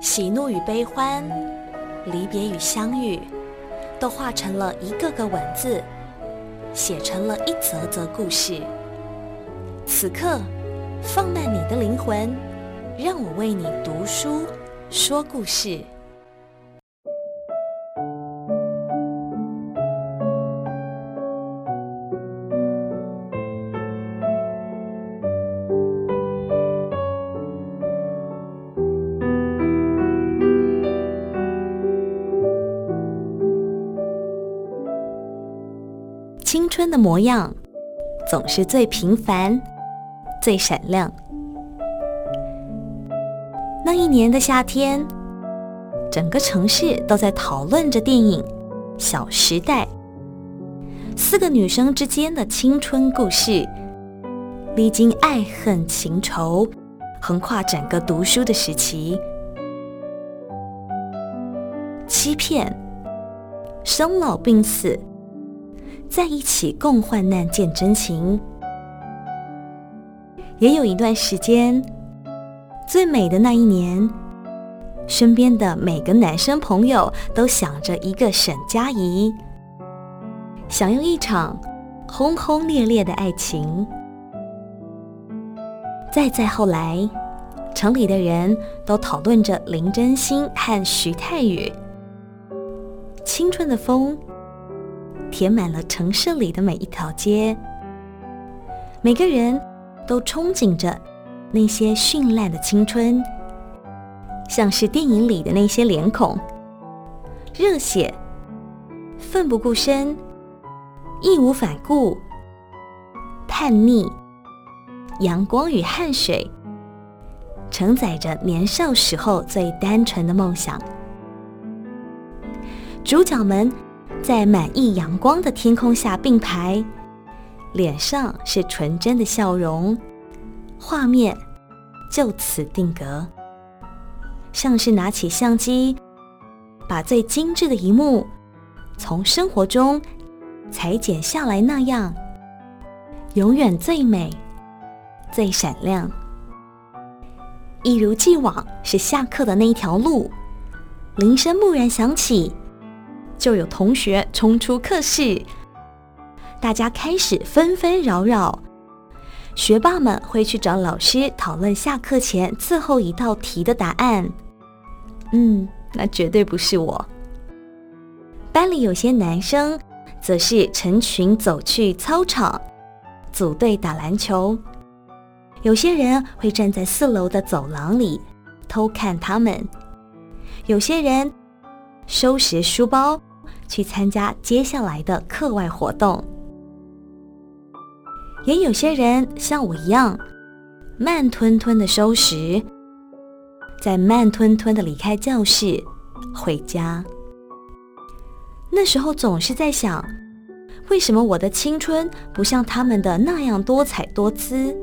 喜怒與悲歡，離別與相遇，都化成了一個個文字，寫成了一則則故事。此刻，放慢你的靈魂，讓我為你讀書，說故事。青春的模樣，總是最平凡，最閃亮。那一年的夏天，整個城市都在討論着電影《小時代》，四個女生之間的青春故事，歷經愛恨情仇，橫跨整個讀書的時期，欺騙，生老病死。在一起共患難見真情。也有一段時間，最美的那一年，身邊的每個男生朋友都想着一個沈佳宜，想用一場轟轟烈烈的愛情。再再後來，城裡的人都討論着林真心和徐太宇，青春的風。填滿了城市裡的每一條街，每個人都憧憬着那些絢爛的青春，像是電影裡的那些臉孔，熱血，奮不顧身，義無反顧，叛逆，陽光與汗水，承載着年少時候最單純的夢想。主角們。在滿意陽光的天空下並排，臉上是純真的笑容，畫面就此定格，像是拿起相機，把最精致的一幕從生活中裁剪下來那樣，永遠最美、最閃亮。一如既往是下課的那一條路，鈴聲驀然響起。就有同學衝出課室，大家開始紛紛擾擾。學霸們會去找老師討論下課前最後一道題的答案。嗯，那絕對不是我。班裡有些男生則是成群走去操場，組隊打籃球。有些人會站在四樓的走廊裡偷看他們。有些人收拾書包。去參加接下來的課外活動，也有些人像我一樣，慢吞吞的收拾，再慢吞吞的離開教室回家。那時候總是在想，為什麼我的青春不像他們的那樣多彩多姿，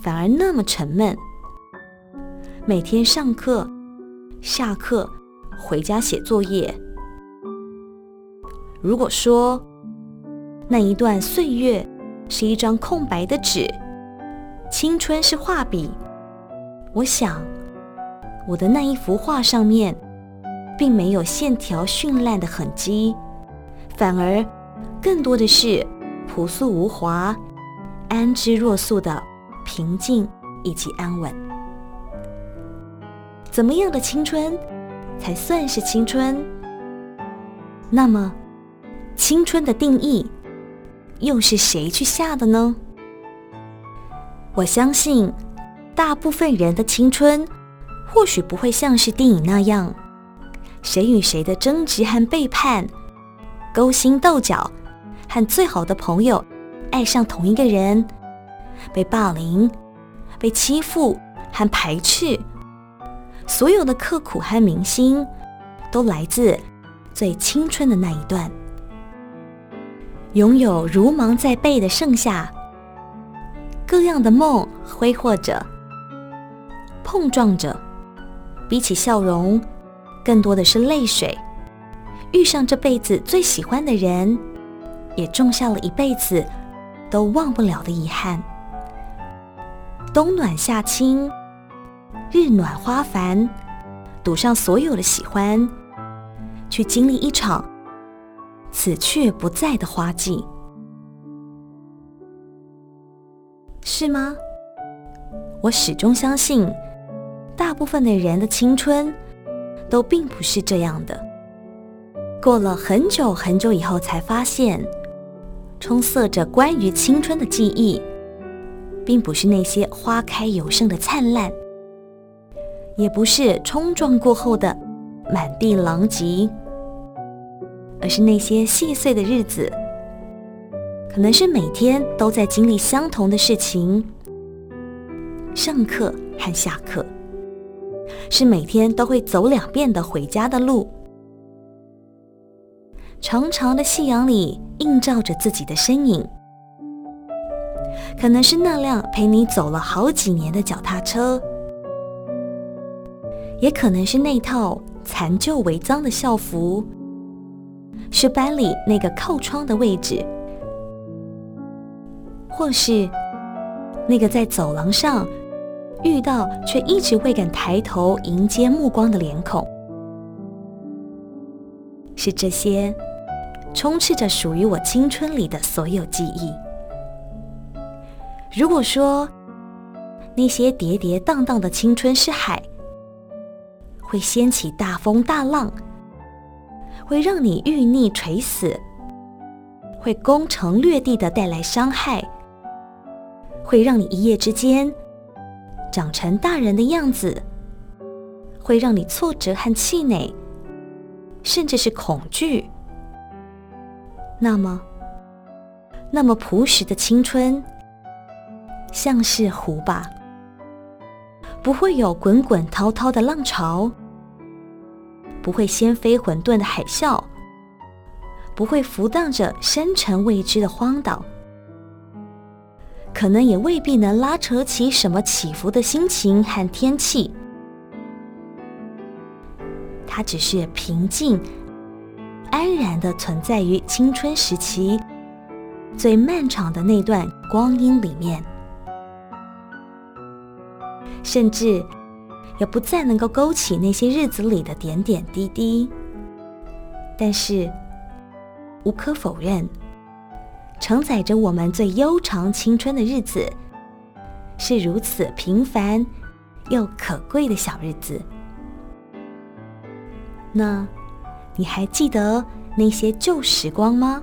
反而那麼沉悶？每天上課、下課、回家寫作業。如果說那一段歲月是一張空白的紙，青春是畫筆，我想我的那一幅畫上面並沒有線條絢爛的痕迹，反而更多的是樸素無華、安之若素的平靜以及安穩。怎麼樣的青春才算是青春？那麼。青春的定義，又是誰去下的呢？我相信，大部分人的青春，或許不會像是電影那樣，誰與誰的爭執和背叛，勾心鬥角，和最好的朋友愛上同一個人，被霸凌、被欺負和排斥，所有的刻苦和銘心，都來自最青春的那一段。擁有如芒在背的盛夏，各樣的夢揮霍着，碰撞着，比起笑容，更多的是淚水。遇上這輩子最喜歡的人，也種下了一輩子都忘不了的遺憾。冬暖夏清，日暖花繁，賭上所有的喜歡，去經歷一場。此去不再的花季，是嗎？我始終相信，大部分的人的青春都並不是這樣的。過了很久很久以後，才發現，充斥著關於青春的記憶，並不是那些花開有聲的燦爛，也不是衝撞過後的滿地狼藉。而是那些細碎的日子，可能是每天都在經歷相同的事情，上課和下課，是每天都會走兩遍的回家的路，長長的夕陽裡映照着自己的身影，可能是那輛陪你走了好幾年的腳踏車，也可能是那套殘舊為髒的校服。是班裡那個靠窗的位置，或是那個在走廊上遇到卻一直未敢抬頭迎接目光的臉孔，是這些充斥着屬於我青春裡的所有記憶。如果說那些跌跌蕩蕩的青春是海，會掀起大風大浪。會讓你欲逆垂死，會攻城略地的帶來傷害，會讓你一夜之間長成大人的樣子，會讓你挫折和氣餒，甚至是恐懼。那麼，那麼樸實的青春，像是湖吧，不會有滾滾滔滔的浪潮。不會掀飛混沌的海嘯，不會浮蕩着深沉未知的荒島，可能也未必能拉扯起什麼起伏的心情和天氣。它只是平靜、安然地存在於青春時期最漫長的那段光陰裡面，甚至。也不再能夠勾起那些日子裡的點點滴滴，但是無可否認，承載着我們最悠長青春的日子，是如此平凡又可貴的小日子。那你還記得那些舊時光嗎？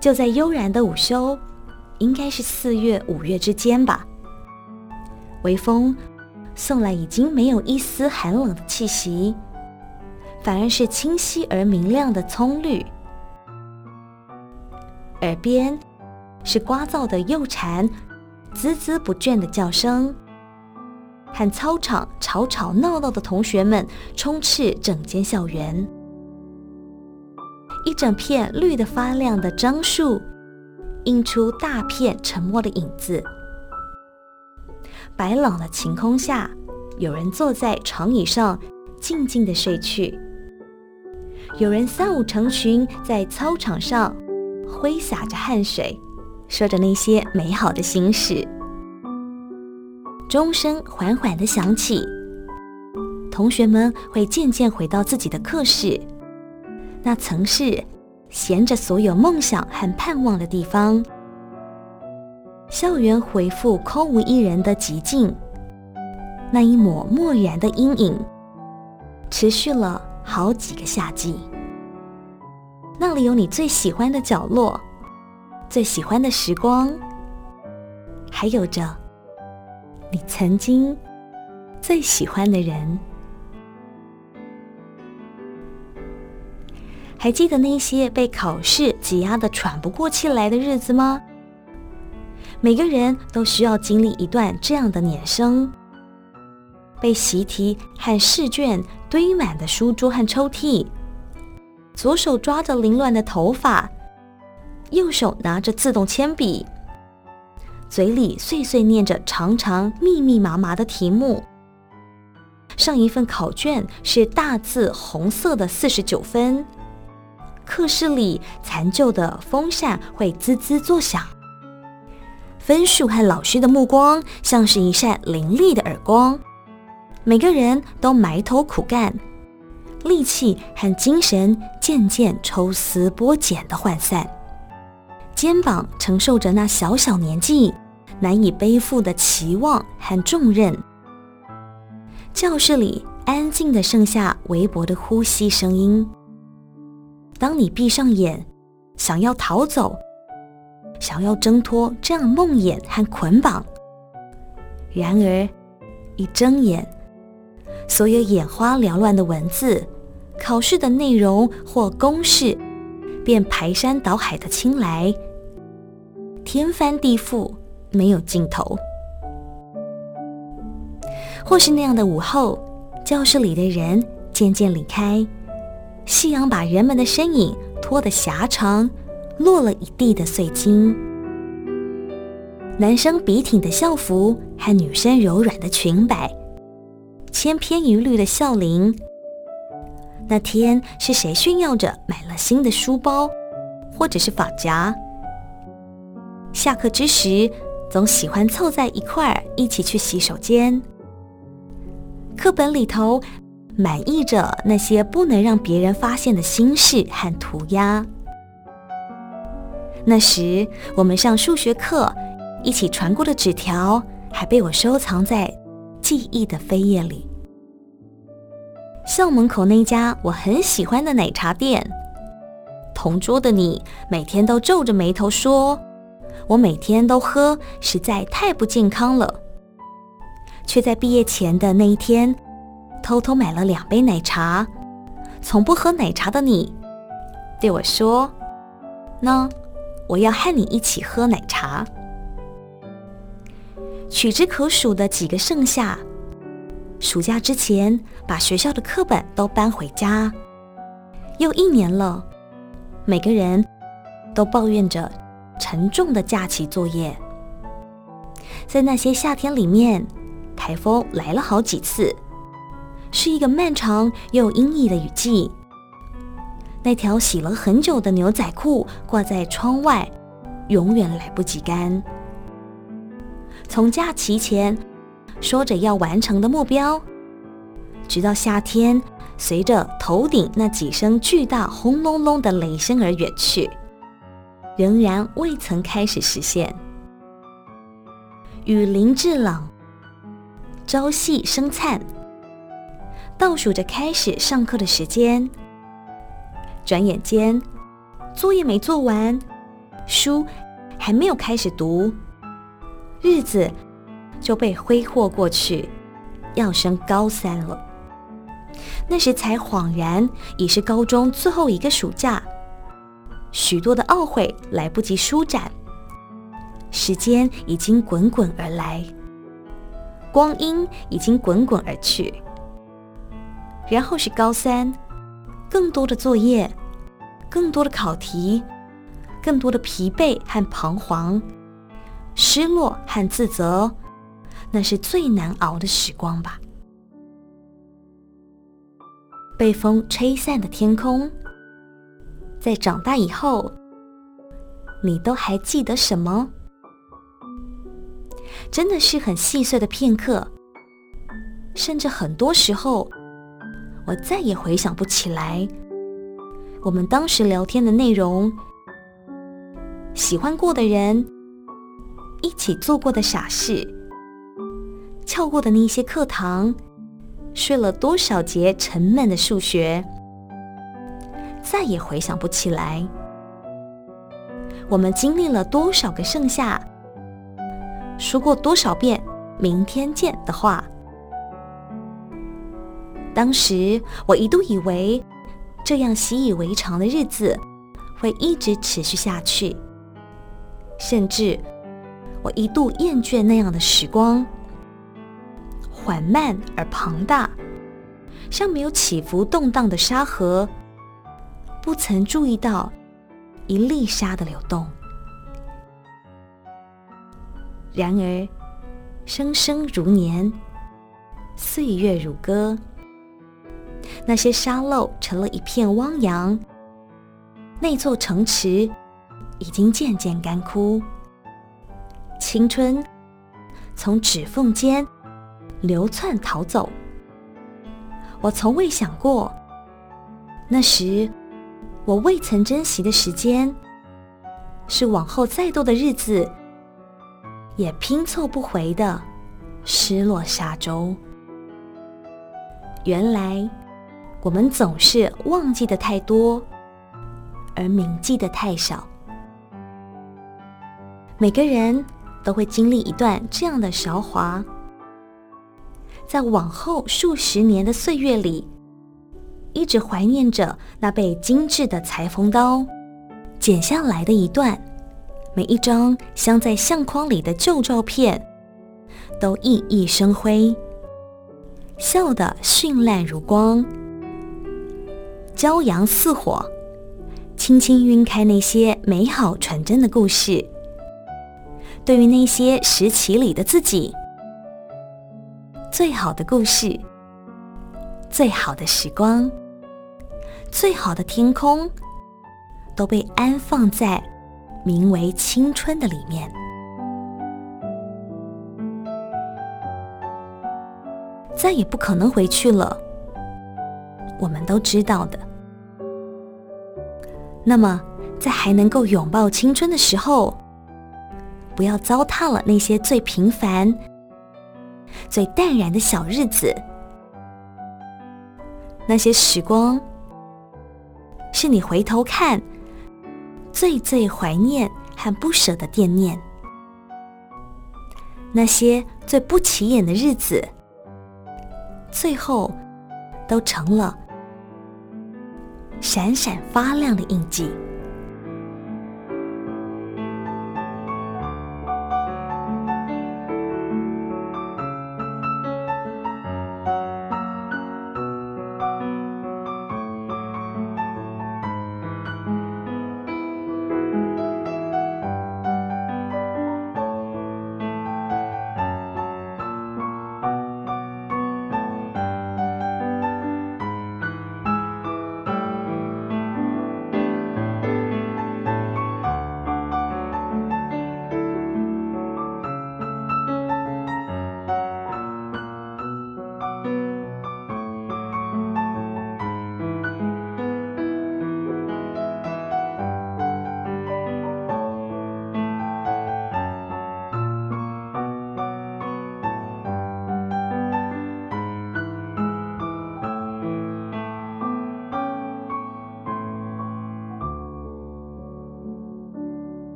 就在悠然的午休，應該是四月五月之間吧，微風。送來已經沒有一絲寒冷的氣息，反而是清晰而明亮的蔥綠。耳邊是聒噪的幼蟬孜孜不倦的叫聲，和操場吵吵鬧鬧的同學們充斥整間校園。一整片綠的發亮的樟樹，映出大片沉默的影子。白朗的晴空下，有人坐在長椅上，靜靜地睡去；有人三五成群在操場上揮灑着汗水，說着那些美好的心事。鐘聲緩緩地響起，同學們會漸漸回到自己的課室，那曾是銜着所有夢想和盼望的地方。校園恢復空無一人的寂靜，那一抹漠然的陰影，持續了好幾個夏季。那裡有你最喜歡的角落，最喜歡的時光，還有着你曾經最喜歡的人。還記得那些被考試擠壓得喘不過氣來的日子嗎？每個人都需要經歷一段這樣的年生，被習題和試卷堆滿的書桌和抽屜，左手抓着凌亂的頭髮，右手拿着自動鉛筆，嘴裡碎碎念着長長密密麻麻的題目。上一份考卷是大字紅色的四十九分，課室裡殘舊的風扇會滋滋作響。分數和老師的目光，像是一扇凌厲的耳光。每個人都埋頭苦幹，力氣和精神漸漸抽絲剝繭的渙散，肩膀承受着那小小年紀難以背負的期望和重任。教室裡安靜的剩下微薄的呼吸聲音。當你閉上眼，想要逃走。想要掙脫這樣夢魘和捆綁，然而一睜眼，所有眼花繚亂的文字、考試的內容或公式，便排山倒海地侵來，天翻地覆，沒有盡頭。或是那樣的午後，教室裡的人漸漸離開，夕陽把人們的身影拖得狹長。落了一地的碎金，男生筆挺的校服和女生柔軟的裙襬，千篇一律的校鈴。那天是誰炫耀着買了新的書包，或者是髮夾？下課之時，總喜歡湊在一塊兒一起去洗手間。課本裡頭滿溢着那些不能讓別人發現的心事和塗鴉。那時我們上數學課，一起傳過的紙條還被我收藏在記憶的扉頁裡。校門口那家我很喜歡的奶茶店，同桌的你每天都皺着眉頭說：“我每天都喝，實在太不健康了。”卻在畢業前的那一天，偷偷買了兩杯奶茶。從不喝奶茶的你對我說：“那……”我要和你一起喝奶茶。屈指可數的幾個盛夏，暑假之前把學校的課本都搬回家。又一年了，每個人都抱怨着沉重的假期作業。在那些夏天裡面，颱風來了好幾次，是一個漫長又陰翳的雨季。那條洗了很久的牛仔褲掛在窗外，永遠來不及乾。從假期前說着要完成的目標，直到夏天隨着頭頂那幾聲巨大轟隆隆的雷聲而遠去，仍然未曾開始實現。雨林制冷，朝氣生燦，倒數着開始上課的時間。轉眼間，作業沒做完，書還沒有開始讀，日子就被揮霍過去，要升高三了。那時才恍然，已是高中最後一個暑假，許多的懊悔來不及舒展，時間已經滾滾而來，光陰已經滾滾而去。然後是高三。更多的作業，更多的考題，更多的疲憊和彷徨，失落和自責，那是最難熬的時光吧。被風吹散的天空，在長大以後，你都還記得什麼？真的是很細碎的片刻，甚至很多時候。我再也回想不起來，我們當時聊天的內容，喜歡過的人，一起做過的傻事，翹過的那些課堂，睡了多少節沉悶的數學，再也回想不起來，我們經歷了多少個盛夏，說過多少遍“明天見”的話。當時我一度以為，這樣習以為常的日子會一直持續下去，甚至我一度厭倦那樣的時光，緩慢而龐大，像沒有起伏動盪的沙河，不曾注意到一粒沙的流動。然而，生生如年，歲月如歌。那些沙漏成了一片汪洋，那座城池已經漸漸乾枯，青春從指縫間流竄逃走。我從未想過，那時我未曾珍惜的時間，是往後再多的日子也拼湊不回的失落沙洲。原來，我們總是忘記的太多，而銘記的太少。每個人都會經歷一段這樣的韶華，在往後數十年的歲月裡，一直懷念着那被精致的裁縫刀剪下來的一段，每一張鑲在相框裡的舊照片都熠熠生輝，笑得絢爛如光。驕陽似火，輕輕暈開那些美好純真的故事。對於那些時期裡的自己，最好的故事、最好的時光、最好的天空，都被安放在名為青春的裡面，再也不可能回去了。我們都知道的。那麼，在還能夠擁抱青春的時候，不要糟蹋了那些最平凡、最淡然的小日子。那些時光，是你回頭看最最懷念和不捨的惦念。那些最不起眼的日子，最後都成了。閃閃發亮的印記。